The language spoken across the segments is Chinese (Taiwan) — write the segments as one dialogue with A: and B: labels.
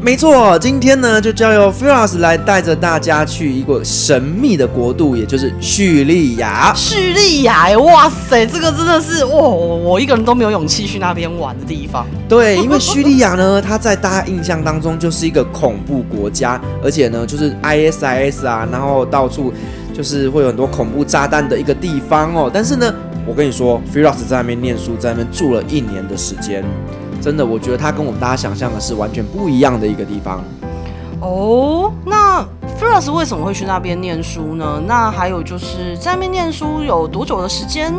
A: 沒錯，
B: 今天呢就交由 Firas 來帶着大家去一個神秘的國度，也就是敘利亞。敘
A: 利亞，哇塞，這個真的是哇，我一個人都沒有勇氣去那邊玩的地方。
B: 對，因為敘利亞呢， 它在大家印象當中就是一個恐怖國家，而且呢，就是 ISIS 啊，然後到處就是會有很多恐怖炸彈的一個地方哦。但是呢，我跟你說，Firas 在那邊念書，在那邊住了一年的時間。真的，我覺得它跟我們大家想象的是完全不一樣的一個地方。
A: 哦，那 Firas 為什麼會去那邊念書呢？那還有就是在那邊念書有多久的時間？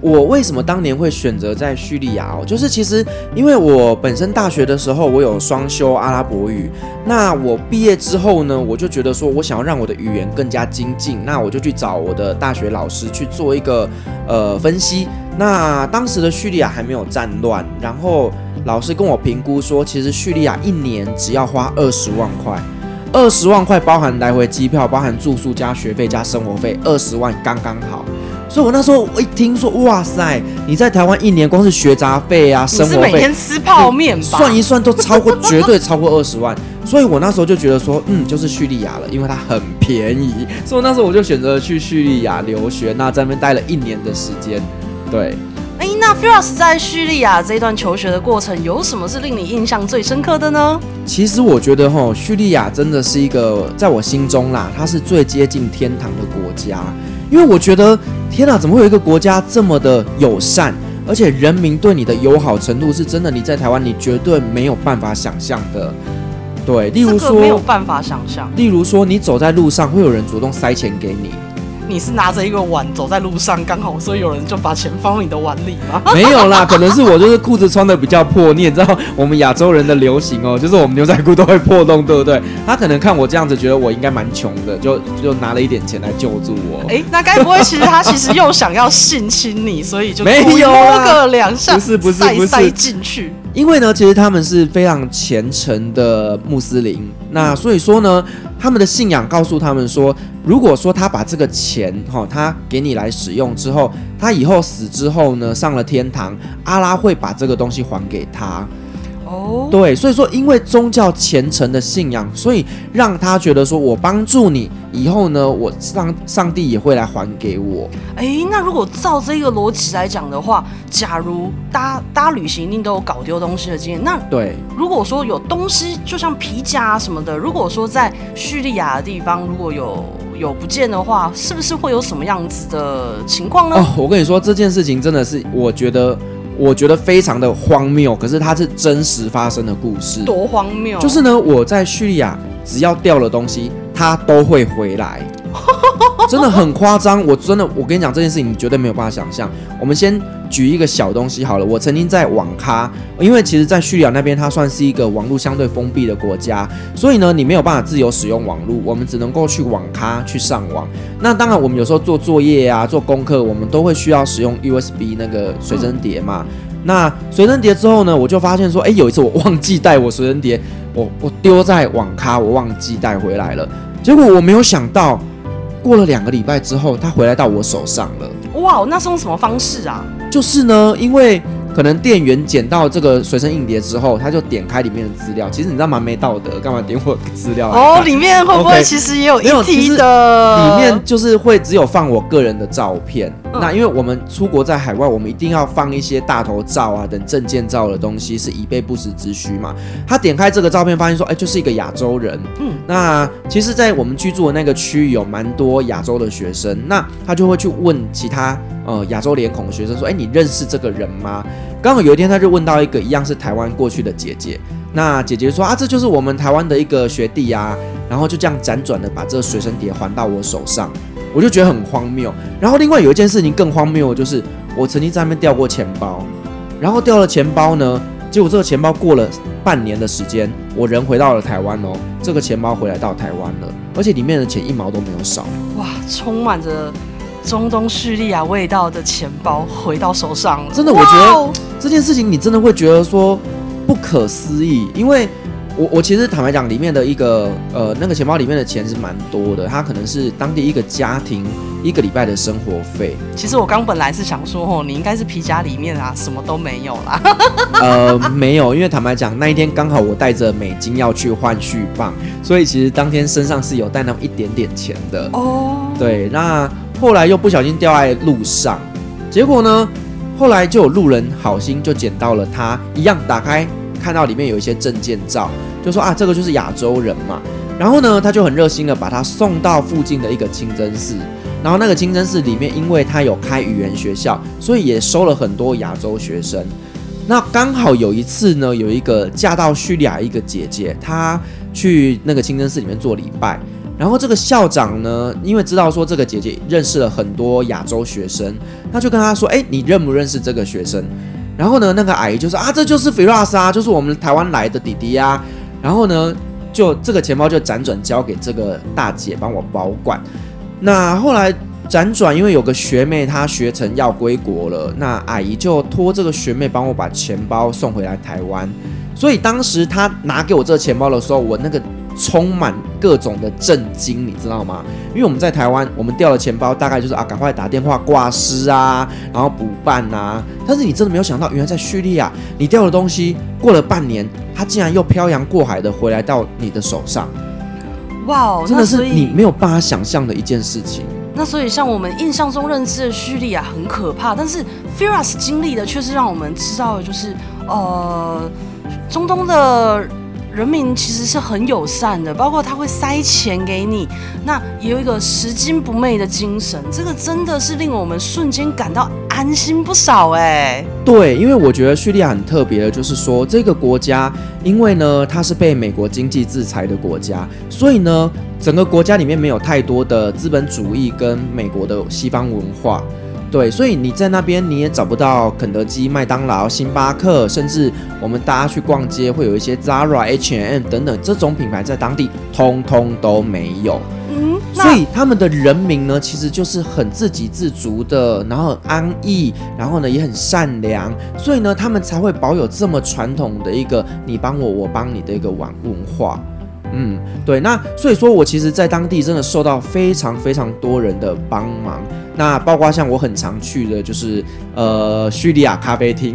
B: 我為什麼當年會選擇在敘利亞？哦，就是其實因為我本身大學的時候我有雙修阿拉伯語，那我畢業之後呢，我就覺得說我想要讓我的語言更加精進，那我就去找我的大學老師去做一個呃分析。那當時的敘利亞還沒有戰亂，然後老師跟我評估說，其實敘利亞一年只要花二十萬塊，二十萬塊包含來回機票、包含住宿、加學費、加生活費，二十萬剛剛好。所以我那時候我一聽說，哇塞，你在台灣一年光是學雜費啊，你是每天吃泡麵吧？嗯，算一算都超過， 絕對超過二十萬。所以我那時候就覺得說，嗯，就是敘利亞了，因為它很便宜。所以那時候我就選擇去敘利亞留學，那在那邊待了一年的時間。對，
A: 哎，那 Firas 在敘利亞這一段求學的過程，有什麼是令你印象最深刻的呢？
B: 其實我覺得吼、哦，敘利亞真的是一個在我心中啦，它是最接近天堂的國家，因為我覺得天哪，怎麼會有一個國家這麼的友善？而且人民對你的友好程度是真的，你在台灣你絕對沒有辦法想象的。對，例如說、這個、沒有
A: 辦法想象，
B: 例如說你走在路上會有人主動塞錢給你。
A: 你是拿着一個碗走在路上，剛好所以有人就把錢放到你的碗裡嗎？沒有啦，可能
B: 是我就是褲子穿的比較破。 你也知道我們亞洲人的流行哦，就是我們牛仔褲都會破洞，對不對？他可能看我這樣子，覺得我應該蠻窮的，就就拿了一點錢來救助我。誒、欸，
A: 那該不會其實他其實又想要性侵你？ 所以就沒有個兩下，啊、不是不是不是塞，塞進去。
B: 因為呢，其實他們是非常虔誠的穆斯林，那所以說呢，他們的信仰告訴他們說，如果說他把這個錢哈，他給你來使用之後，他以後死之後呢，上了天堂，阿拉會把這個東西還給他。對，所以說，因為宗教虔誠的信仰，所以讓他覺得說，我幫助你以後呢，我上上帝也會來還給我。
A: 哎，那如果照這個邏輯來講的話，假如大家大家旅行一定都有搞丟東西的經驗，那對，如果說有東西，就像皮夾、啊、什麼的，如果說在敘利亞的地方，如果有有不見的話，是不是會有什麼樣子的情況呢？哦，
B: 我跟你說，這件事情真的是，我覺得。我覺得非常的荒謬，可是它是真實發生的故事。多
A: 荒謬！就是呢，
B: 我在敘利亞只要掉了東西，它都會回來。真的很誇張，我真的，我跟你講這件事情，你絕對沒有辦法想象。我們先舉一個小東西好了。我曾經在網咖，因為其實，在敘利亞那邊，它算是一個網絡相對封閉的國家，所以呢，你沒有辦法自由使用網絡，我們只能夠去網咖去上網。那當然，我們有時候做作業啊，做功課，我們都會需要使用 USB 那個隨身碟嘛。那隨身碟之後呢，我就發現說，誒、欸，有一次我忘記帶我隨身碟，我我丟在網咖，我忘記帶回來了。結果我沒有想到。過了兩個禮拜之後，他回來到我手上了。
A: 哇，wow，那是用什麼方式啊？
B: 就是呢，因為。可能店員撿到這個隨身硬碟之後，他就點開裡面的資料。其實你知道蠻沒道德，幹嘛點我資料？哦，裡面會不會其實也有 IT 的？Okay、裡面就是會只有放我個人的照片、嗯。那因為我們出國在海外，我們一定要放一些大頭照啊等證件照的東西，是以備不時之需嘛。他點開這個照片，發現說，哎、欸，就是一個亞洲人。嗯，那其實，在我們居住的那個區域有蠻多亞洲的學生，那他就會去問其他。呃、嗯，亞洲臉孔的學生說：“哎、欸，你認識這個人嗎？”剛好有一天，他就問到一個一樣是台灣過去的姐姐。那姐姐說：“啊，這就是我們台灣的一個學弟啊。然後就這樣輾轉的把這個隨身碟還到我手上，我就覺得很荒謬。然後另外有一件事情更荒謬，就是我曾經在那邊掉過錢包，然後掉了錢包呢，結果這個錢包過了半年的時間，我人回到了台灣哦，這個錢包回來到台灣了，而且裡面的錢一毛都沒有少。
A: 哇，充滿着。中東敘利亞味道的錢包回到手上了，真的，我覺得、wow! 這件
B: 事情你真的會覺得說不可思議，因為我我其實坦白講，裡面的一個呃那個錢包裡面的錢是蠻多的，它可能是當地一個家庭一個禮拜的生活費。
A: 其實我剛本來是想說，哦，你應該是皮夾裡面啊什麼都沒有啦。
B: 呃，沒有，因為坦白講那一天剛好我帶着美金要去換續棒，所以其實當天身上是有帶那麼一點點錢的。哦、oh.，對，那。後來又不小心掉在路上，結果呢，後來就有路人好心就撿到了他，一樣打開，看到裡面有一些證件照，就說啊，這個就是亞洲人嘛。然後呢，他就很熱心地把他送到附近的一個清真寺，然後那個清真寺裡面，因為他有開語言學校，所以也收了很多亞洲學生。那剛好有一次呢，有一個嫁到敘利亞一個姐姐，她去那個清真寺裡面做禮拜。然後這個校長呢，因為知道說這個姐姐認識了很多亞洲學生，他就跟她說：“誒，你認不認識這個學生？”然後呢，那個阿姨就說：“啊，這就是 Firas 啊，就是我們台灣來的弟弟呀、啊。”然後呢，就這個錢包就輾轉交給這個大姐幫我保管。那後來輾轉，因為有個學妹她學成要歸國了，那阿姨就托這個學妹幫我把錢包送回來台灣。所以當時她拿給我這個錢包的時候，我那個。充滿各種的震驚，你知道嗎？因為我們在台灣，我們掉了錢包，大概就是啊，趕快打電話掛失啊，然後補辦啊。但是你真的沒有想到，原來在敘利亞，你掉的東西過了半年，它竟然又漂洋過海的回來到你的手上。
A: 哇、wow，真的是你
B: 沒有辦法想象的一件事情。
A: 那所以，像我們印象中認知的敘利亞很可怕，但是 Firas 經歷的卻是讓我們知道的，就是呃，中東的。人民其實是很友善的，包括他會塞錢給你，那也有一個拾金不昧的精神，這個真的是令我們瞬間感到安心不少哎。
B: 對，因為我覺得敘利亞很特別的，就是說這個國家，因為呢它是被美國經濟制裁的國家，所以呢整個國家裡面沒有太多的資本主義跟美國的西方文化。對，所以你在那邊你也找不到肯德基、麥當勞、星巴克，甚至我們大家去逛街會有一些 Zara、H&M 等等這種品牌，在當地通通都沒有。
A: 嗯，
B: 所以他們的人民呢，其實就是很自給自足的，然後很安逸，然後呢也很善良，所以呢他們才會保有這麼傳統的一個你幫我我幫你的一個網文化。嗯，對，那所以說我其實在當地真的受到非常非常多人的幫忙，那包括像我很常去的就是呃敘利亞咖啡廳。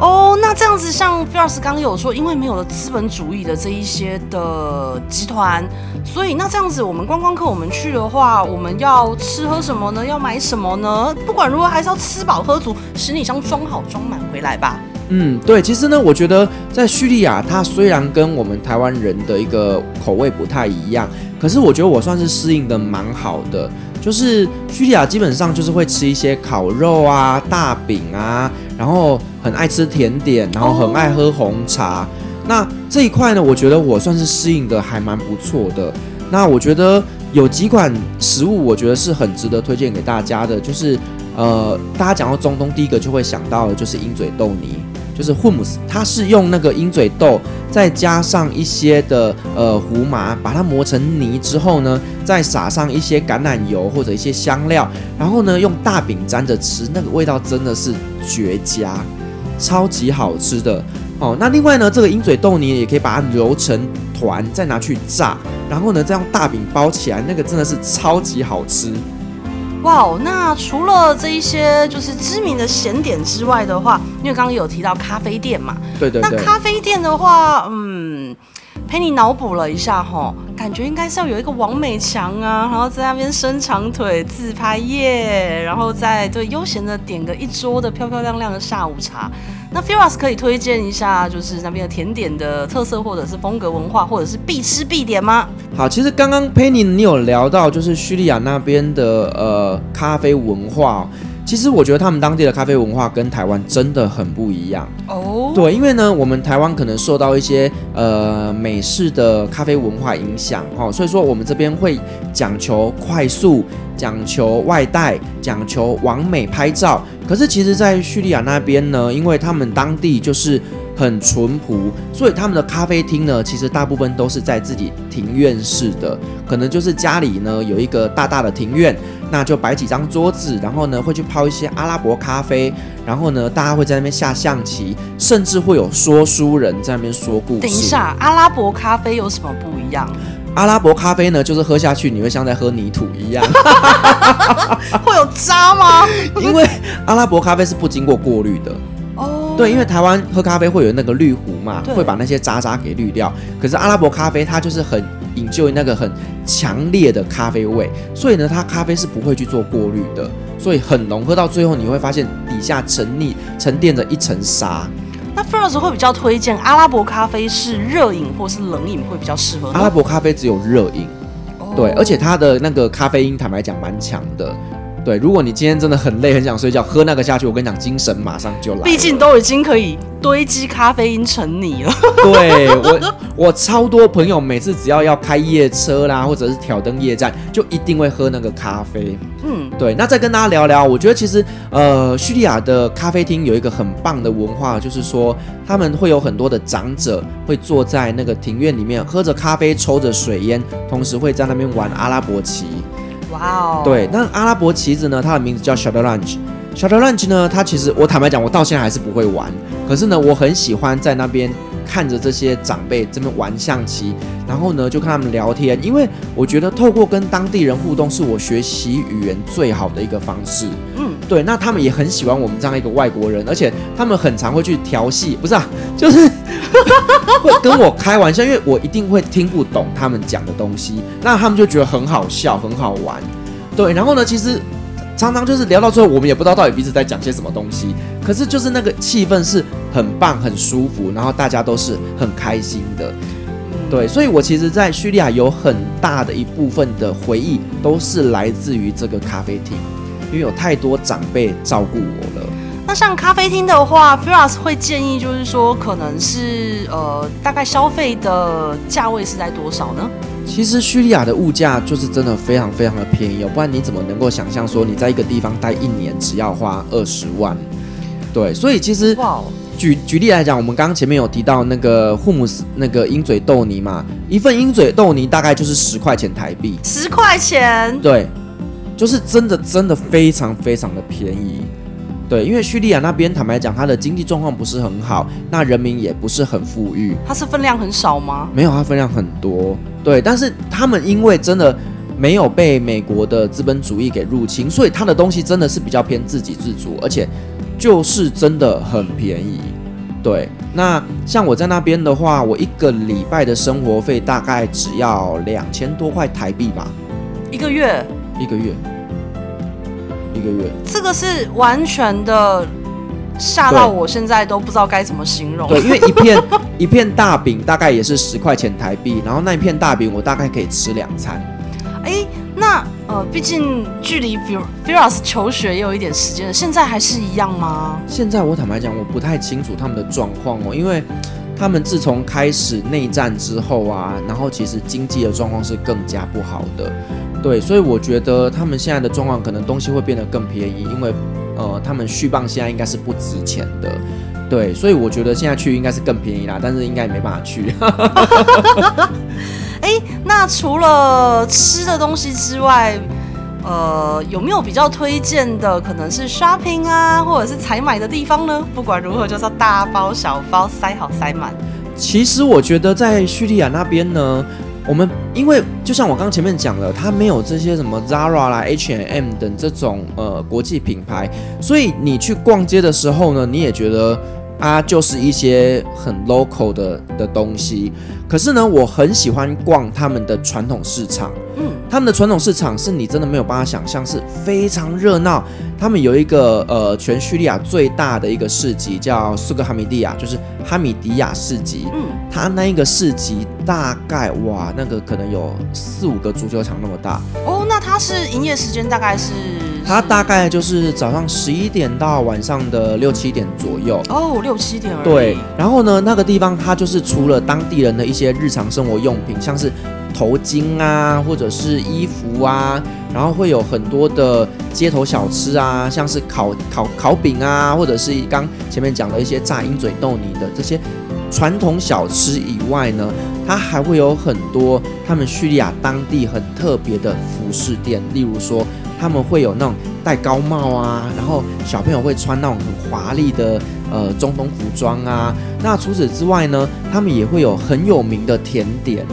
A: 哦、 oh,，那這樣子像菲爾斯剛剛有說，因為沒有了資本主義的這一些的集團，所以那這樣子我們觀光客我們去的話，我們要吃喝什麼呢？要買什麼呢？不管如何還是要吃飽喝足，行李箱裝好裝滿回來吧。
B: 嗯，對，其實呢，我覺得在敘利亞，它雖然跟我們台灣人的一個口味不太一樣，可是我覺得我算是適應的蠻好的。就是敘利亞基本上就是會吃一些烤肉啊、大餅啊，然後很愛吃甜點，然後很愛喝紅茶。哦、那這一塊呢，我覺得我算是適應的還蠻不錯的。那我覺得有幾款食物，我覺得是很值得推薦給大家的，就是呃，大家講到中東，第一個就會想到的就是鷹嘴豆泥。就是混姆斯，它是用那個鷹嘴豆，再加上一些的呃胡麻，把它磨成泥之後呢，再撒上一些橄欖油或者一些香料，然後呢用大餅沾着吃，那個味道真的是絕佳，超級好吃的哦。那另外呢，這個鷹嘴豆泥也可以把它揉成團，再拿去炸，然後呢再用大餅包起來，那個真的是超級好吃。
A: 哇，哦，那除了這一些就是知名的鹹點之外的話，因為剛剛有提到咖啡店嘛，對對對，那咖啡店的話，嗯。佩妮腦補了一下，感覺應該是要有一個網美牆啊，然後在那邊伸長腿自拍耶，然後再對悠閒的點個一桌的漂漂亮亮的下午茶。那 Firas 可以推薦一下，就是那邊的甜點的特色，或者是風格文化，或者是必吃必點嗎？
B: 好，其實剛剛佩妮，你有聊到就是敘利亞那邊的呃咖啡文化。其實我覺得他們當地的咖啡文化跟台灣真的很不一樣哦。對，因為呢，我們台灣可能受到一些呃美式的咖啡文化影響哦，所以說我們這邊會講求快速、講求外帶、講求完美拍照。可是其實，在敘利亞那邊呢，因為他們當地就是。很淳樸，所以他們的咖啡廳呢，其實大部分都是在自己庭院式的，可能就是家裡呢有一個大大的庭院，那就擺幾張桌子，然後呢會去泡一些阿拉伯咖啡，然後呢大家會在那邊下象棋，甚至會有說書人在那邊說故事。等
A: 一下，阿拉伯咖啡有什麼不一樣？
B: 阿拉伯咖啡呢，就是喝下去你會像在喝泥土一樣，
A: 會有渣嗎？ 因為
B: 阿拉伯咖啡是不經過過濾的。對，因為台灣喝咖啡會有那個濾壺嘛，會把那些渣渣給濾掉。可是阿拉伯咖啡它就是很享受那個很強烈的咖啡味，所以呢，它咖啡是不會去做過濾的，所以很濃。喝到最後你會發現底下沉溺沉澱着一層沙。
A: 那 Firas 會比較推薦阿拉伯咖啡是熱飲或是冷飲會比較適合？阿拉伯
B: 咖啡只有熱飲，
A: 對，而且
B: 它的那個咖啡因坦白講蠻強的。對，如果你今天真的很累，很想睡覺，喝那個下去，我跟你講，精神馬上就來。畢
A: 竟都已經可以堆積咖啡因成你了。
B: 對，我我超多朋友每次只要要開夜車啦、啊，或者是挑燈夜戰，就一定會喝那個咖啡。嗯，對。那再跟大家聊聊，我覺得其實呃，敘利亞的咖啡廳有一個很棒的文化，就是說他們會有很多的長者會坐在那個庭院裡面，喝着咖啡，抽着水煙，同時會在那邊玩阿拉伯棋。Oh. 對，那阿拉伯棋子呢？它的名字叫 Shadranj。Shadranj 呢，它其實我坦白講，我到現在還是不會玩。可是呢，我很喜歡在那邊看着這些長輩這邊玩象棋，然後呢，就跟他們聊天。因為我覺得透過跟當地人互動，是我學習語言最好的一個方式。嗯、mm.，對。那他們也很喜歡我們這樣一個外國人，而且他們很常會去調戲，不是啊，就是。會 跟我開玩笑，因為我一定會聽不懂他們講的東西，那他們就覺得很好笑，很好玩，對。然後呢，其實常常就是聊到最後，我們也不知道到底彼此在講些什麼東西，可是就是那個氣氛是很棒，很舒服，然後大家都是很開心的，對。所以，我其實，在敘利亞有很大的一部分的回憶，都是來自於這個咖啡廳，因為有太多長輩照顧我了。
A: 那像咖啡廳的話，Firas 會建議，就是說，可能是呃，大概消費的價位是在多少呢？
B: 其實敘利亞的物價就是真的非常非常的便宜哦，不然你怎麼能夠想象說你在一個地方待一年只要花二十萬？對，所以其實哇，wow. 舉舉例來講，我們剛剛前面有提到那個 Homs 那個鷹嘴豆泥嘛，一份鷹嘴豆泥大概就是十塊錢台幣，十
A: 塊錢，
B: 對，就是真的真的非常非常的便宜。對，因為敘利亞那邊坦白講，他的經濟狀況不是很好，那人民也不是很富裕。
A: 它是分量很少嗎？
B: 沒有，它分量很多。對，但是他們因為真的沒有被美國的資本主義給入侵，所以他的東西真的是比較偏自給自足，而且就是真的很便宜。對，那像我在那邊的話，我一個禮拜的生活費大概只要兩千多塊台幣吧。
A: 一個月？
B: 一個月。一個月，
A: 這個是完全的嚇到我，現在都不知道該怎麼形容。對，對因為一
B: 片 一片大餅大概也是十塊錢台幣，然後那一片大餅我大概可以吃兩餐。哎、
A: 欸，那呃，畢竟距離比如 Firas 求學也有一點時間了，現在還是一樣嗎？
B: 現在我坦白講，我不太清楚他們的狀況哦，因為。他們自從開始內戰之後啊，然後其實經濟的狀況是更加不好的，對，所以我覺得他們現在的狀況可能東西會變得更便宜，因為呃，他們敘鎊現在應該是不值錢的，對，所以我覺得現在去應該是更便宜啦，但是應該也沒辦法去。
A: 哎、 欸，那除了吃的東西之外。呃，有沒有比較推薦的？可能是 shopping 啊，或者是採買的地方呢？不管如何，就是要大包小包塞好塞滿。
B: 其實我覺得在敘利亞那邊呢，我們因為就像我剛前面講了，它沒有這些什麼 Zara 啦、H&M 等這種呃國際品牌，所以你去逛街的時候呢，你也覺得。它、啊、就是一些很 local 的的東西，可是呢，我很喜歡逛他們的傳統市場。嗯，他們的傳統市場是你真的沒有辦法想象，是非常熱鬧。他們有一個呃，全敘利亞最大的一個市集叫蘇格哈米蒂亞，就是哈米迪亞市集。嗯，他那一個市集大概哇，那個可能有四五個足球場那麼大。
A: 哦，那他是營業時間大概是？
B: 它大概就是早上十一點到晚上的六七點左右
A: 哦，六七點對。
B: 然後呢，那個地方它就是除了當地人的一些日常生活用品，像是頭巾啊，或者是衣服啊，然後會有很多的街頭小吃啊，像是烤烤烤餅啊，或者是剛前面講的一些炸鷹嘴豆泥的這些傳統小吃以外呢，它還會有很多他們敘利亞當地很特別的服飾店，例如說。他們會有那種戴高帽啊，然後小朋友會穿那種很華麗的呃中東服裝啊。那除此之外呢，他們也會有很有名的甜點。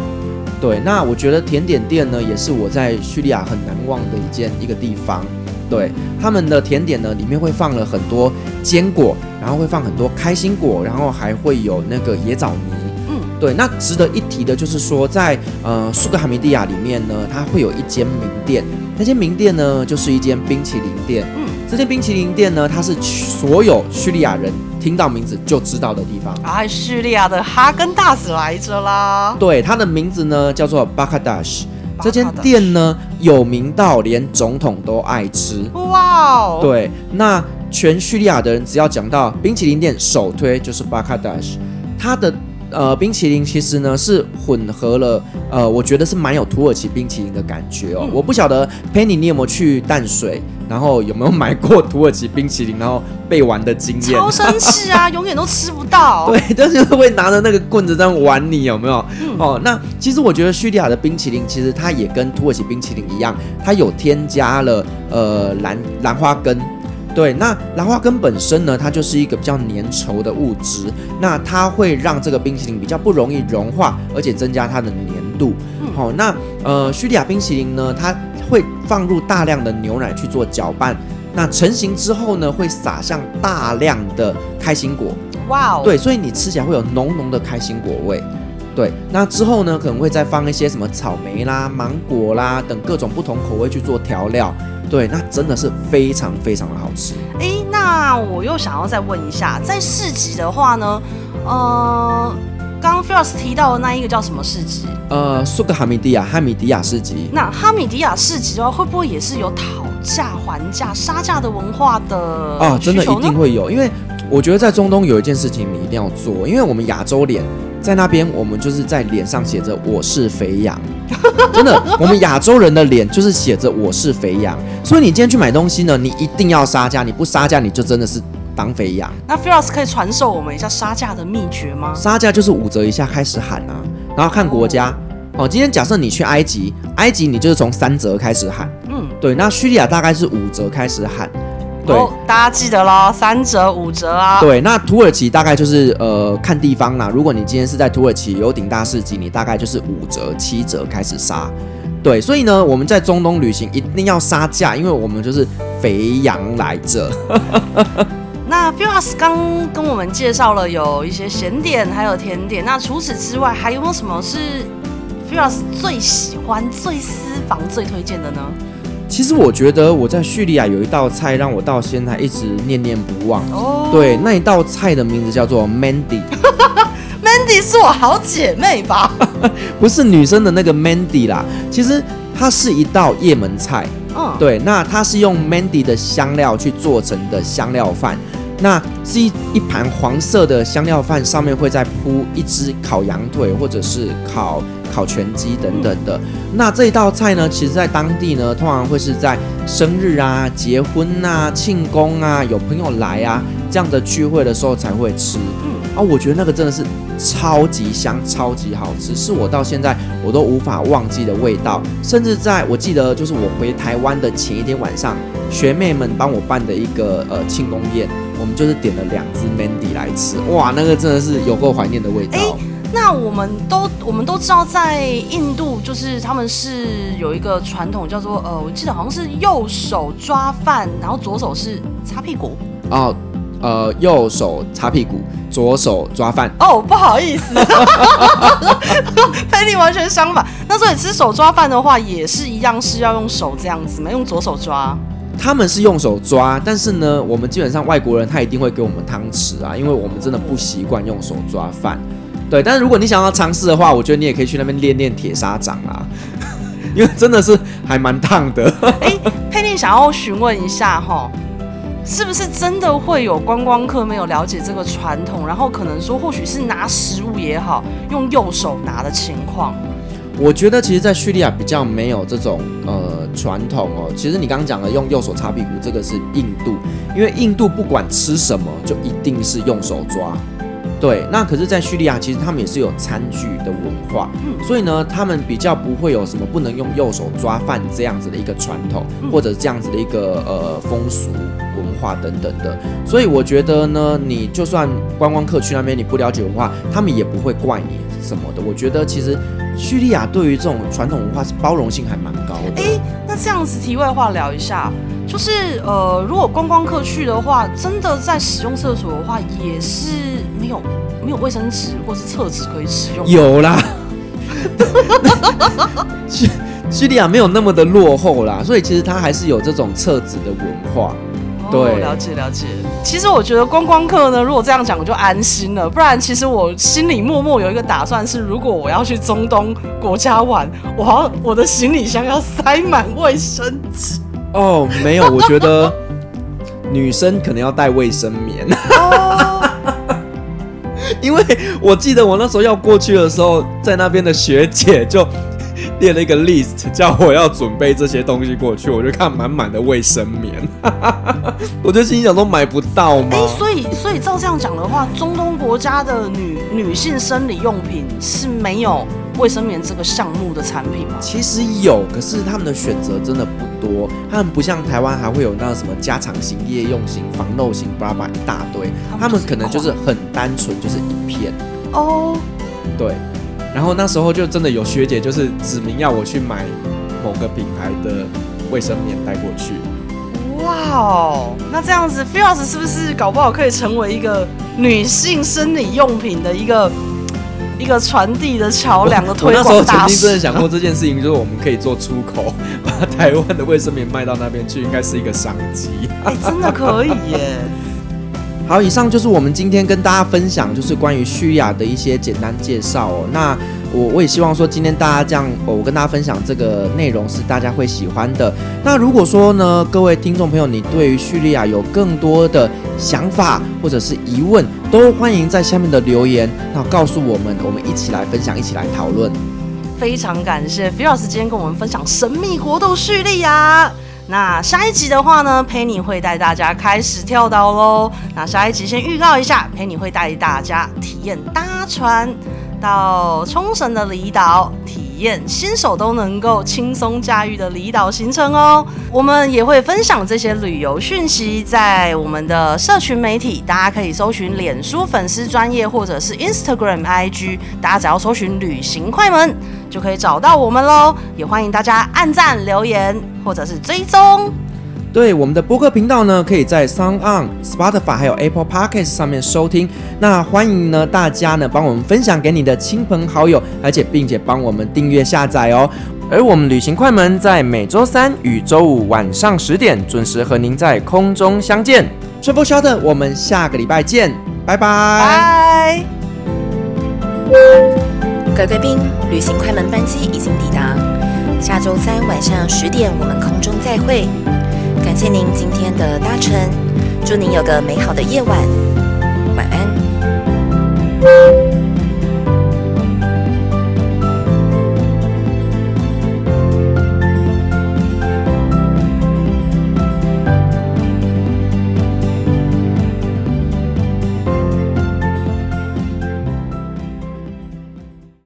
B: 對，那我覺得甜點店呢，也是我在敘利亞很難忘的一間一個地方。對，他們的甜點呢，裡面會放了很多堅果，然後會放很多開心果，然後還會有那個椰棗泥。嗯，對。那值得一提的就是說，在呃蘇格哈米地亞裡面呢，它會有一間名店。那間名店呢，就是一間冰淇淋店。嗯，這間冰淇淋店呢，它是所有敘利亞人聽到名字就知道的地方。
A: 啊，敘利亞的哈根達斯來着啦。
B: 對，它的名字呢叫做巴卡達什。這間店呢有名到連總統都愛吃。哇哦。對，那全敘利亞的人只要講到冰淇淋店，首推就是巴卡達什，它的呃，冰淇淋其實呢是混合了，呃，我覺得是蠻有土耳其冰淇淋的感覺哦。嗯、我不曉得 Penny 你有沒有去淡水，然後有沒有買過土耳其冰淇淋，然後被玩的經驗？超
A: 生氣啊， 永遠都吃不到。對，
B: 但、就是會拿着那個棍子在玩你，有沒有、嗯？哦，那其實我覺得敘利亞的冰淇淋其實它也跟土耳其冰淇淋一樣，它有添加了呃蘭蘭花根。對，那蘭花根本身呢，它就是一個比較粘稠的物質，那它會讓這個冰淇淋比較不容易融化，而且增加它的粘度。好、哦，那呃，敘利亞冰淇淋呢，它會放入大量的牛奶去做攪拌，那成型之後呢，會撒上大量的開心果。
A: 哇、wow，對，所
B: 以你吃起來會有濃濃的開心果味。對，那之後呢，可能會再放一些什麼草莓啦、芒果啦，等各種不同口味去做調料。對，那真的是非常非常的好吃。
A: 哎，那我又想要再問一下，在市集的話呢，呃，剛剛 Firas 提到的那一個叫什麼市集？
B: 呃，蘇格哈米迪亞，哈米迪亞市集。
A: 那哈米迪亞市集的話，會不會也是有討價還價、殺價的文化的？哦，真的一定
B: 會有，因為。我覺得在中東有一件事情你一定要做，因為我們亞洲臉在那邊，我們就是在臉上寫着我是肥羊， 真的，我們亞洲人的臉就是寫着我是肥羊，所以你今天去買東西呢，你一定要殺價，你不殺價你就真的是當肥羊。
A: 那 Firas 可以傳授我們一下殺價的祕訣嗎？
B: 殺價就是五折以下開始喊啊，然後看國家，嗯，哦，今天假設你去埃及，埃及你就是從三折開始喊，嗯，對，那敘利亞大概是五折開始喊。
A: 哦，大家記得嘍，三折五折啊！對，
B: 那土耳其大概就是呃看地方啦。如果你今天是在土耳其有頂大市集，你大概就是五折七折開始殺。對，所以呢，我們在中東旅行一定要殺價，因為我們就是肥羊來着。
A: 那 Firas 剛跟我們介紹了有一些鹹點還有甜點，那除此之外還有沒有什麼是 Firas 最喜歡、最私房、最推薦的呢？
B: 其實我覺得我在敘利亞有一道菜讓我到現在一直念念不忘。哦，對，那一道菜的名字叫做 Mandy。
A: Mandy 是我好姐妹吧？
B: 不是女生的那個 Mandy 啦，其實它是一道葉門菜。嗯、哦，對，那它是用 Mandy 的香料去做成的香料飯。那是一一盤黃色的香料飯，上面會再鋪一隻烤羊腿或者是烤。烤全雞等等的，那這一道菜呢，其實在當地呢，通常會是在生日啊、結婚啊、慶功啊、有朋友來啊這樣的聚會的時候才會吃。嗯、哦、啊，我覺得那個真的是超級香、超級好吃，是我到現在我都無法忘記的味道。甚至在我記得，就是我回台灣的前一天晚上，學妹們幫我辦的一個呃慶功宴，我們就是點了兩只 Mandy 來吃。哇，那個真的是有夠懷念的味道。欸
A: 那我們都我們都知道，在印度就是他們是有一個傳統叫做呃，我記得好像是右手抓飯，然後左手是擦屁股。
B: 哦，呃，右手擦屁股，左手抓飯。
A: 哦，不好意思，跟 你 完全相反。那所以吃手抓飯的話，也是一樣是要用手這樣子嗎？用左手抓？他
B: 們是用手抓，但是呢，我們基本上外國人他一定會給我們湯匙啊，因為我們真的不習慣用手抓飯。對，但是如果你想要嘗試的話，我覺得你也可以去那邊練練鐵砂掌啊， 因為真的是還蠻燙的。哎
A: 欸，佩妮想要詢問一下哈，是不是真的會有觀光客沒有了解這個傳統，然後可能說或許是拿食物也好，用右手拿的情況？我
B: 覺得其實，在敘利亞比較沒有這種呃傳統哦。其實你剛剛講了用右手擦屁股，這個是印度，因為印度不管吃什麼，就一定是用手抓。對，那可是，在敘利亞其實他們也是有餐具的文化，嗯，所以呢，他們比較不會有什麼不能用右手抓飯這樣子的一個傳統，嗯，或者這樣子的一個呃風俗文化等等的。所以我覺得呢，你就算觀光客去那邊你不了解文化，他們也不會怪你什麼的。我覺得其實敘利亞對於這種傳統文化是包容性還蠻高的。哎，欸，
A: 那這樣子題外話聊一下。就是呃，如果觀光客去的話，真的在使用廁所的話，也是沒有沒有衛生紙或是廁紙可以使用。有啦，
B: 敘 利亞沒有那麼的落後啦，所以其實它還是有這種廁紙的文化，
A: 哦。對，了解了解。其實我覺得觀光客呢，如果這樣講，我就安心了。不然其實我心裡默默有一個打算是，如果我要去中東國家玩，我我的行李箱要塞滿衛生紙。
B: 哦、oh,，沒有，我覺得女生可能要帶衛生棉，oh. 因為我記得我那時候要過去的時候，在那邊的學姐就列了一個 list，叫我要準備這些東西過去，我就看滿滿的衛生棉， 我就心想都買不到嘛，欸、所
A: 以所以照這樣講的話，中東國家的女女性生理用品是沒有。衛生棉這個項目的產品嗎？其實
B: 有，可是他們的選擇真的不多。他們不像台灣還會有那種什麼加長型、夜用型、防漏型，爸爸一大堆他。他們可能就是很單純，就是一片。哦、oh.，對。然後那時候就真的有學姐就是指明要我去買某個品牌的衛生棉帶過去。
A: 哇、wow,，那這樣子，菲奧 s 是不是搞不好可以成為一個女性生理用品的一個？一個傳遞的橋樑的推廣大使。我那時候曾經真的想過
B: 這件事情，就是我們可以做出口， 把台灣的衛生棉賣到那邊去，應該是一個商
A: 機。哎，真的可以
B: 耶！ 好，以上就是我們今天跟大家分享，就是關於敘利亞的一些簡單介紹哦。那。我我也希望說，今天大家這樣、哦，我跟大家分享這個內容是大家會喜歡的。那如果說呢，各位聽眾朋友，你對於敘利亞有更多的想法或者是疑問，都歡迎在下面的留言，那告訴我們，我們一起來分享，一起來討論。
A: 非常感謝菲老師今天跟我們分享神秘國度敘利亞。那下一集的話呢，Penny 會帶大家開始跳島嘍。那下一集先預告一下，Penny 會帶大家體驗搭船。到沖繩的離島，體驗新手都能夠輕鬆駕馭的離島行程哦。我們也會分享這些旅遊訊息在我們的社群媒體，大家可以搜尋臉書粉絲專頁或者是 Instagram IG，大家只要搜尋“旅行快門”就可以找到我們嘍。也歡迎大家按讚、留言或者是追蹤。
B: 對，我們的播客頻道呢，可以在 SoundOn、Spotify 還有 Apple Podcast 上面收聽。那歡迎呢，大家呢幫我們分享給你的親朋好友，而且並且幫我們訂閱下載哦。而我們旅行快門在每周三與周五晚上十點準時和您在空中相見。吹風消的，我們下個禮拜見，拜拜。
A: 拜。各位貴賓，旅行快門班機已經抵達，下周三晚上十點，我們空中再會。謝謝您今天的搭乘，祝您有個美好的夜晚，晚安。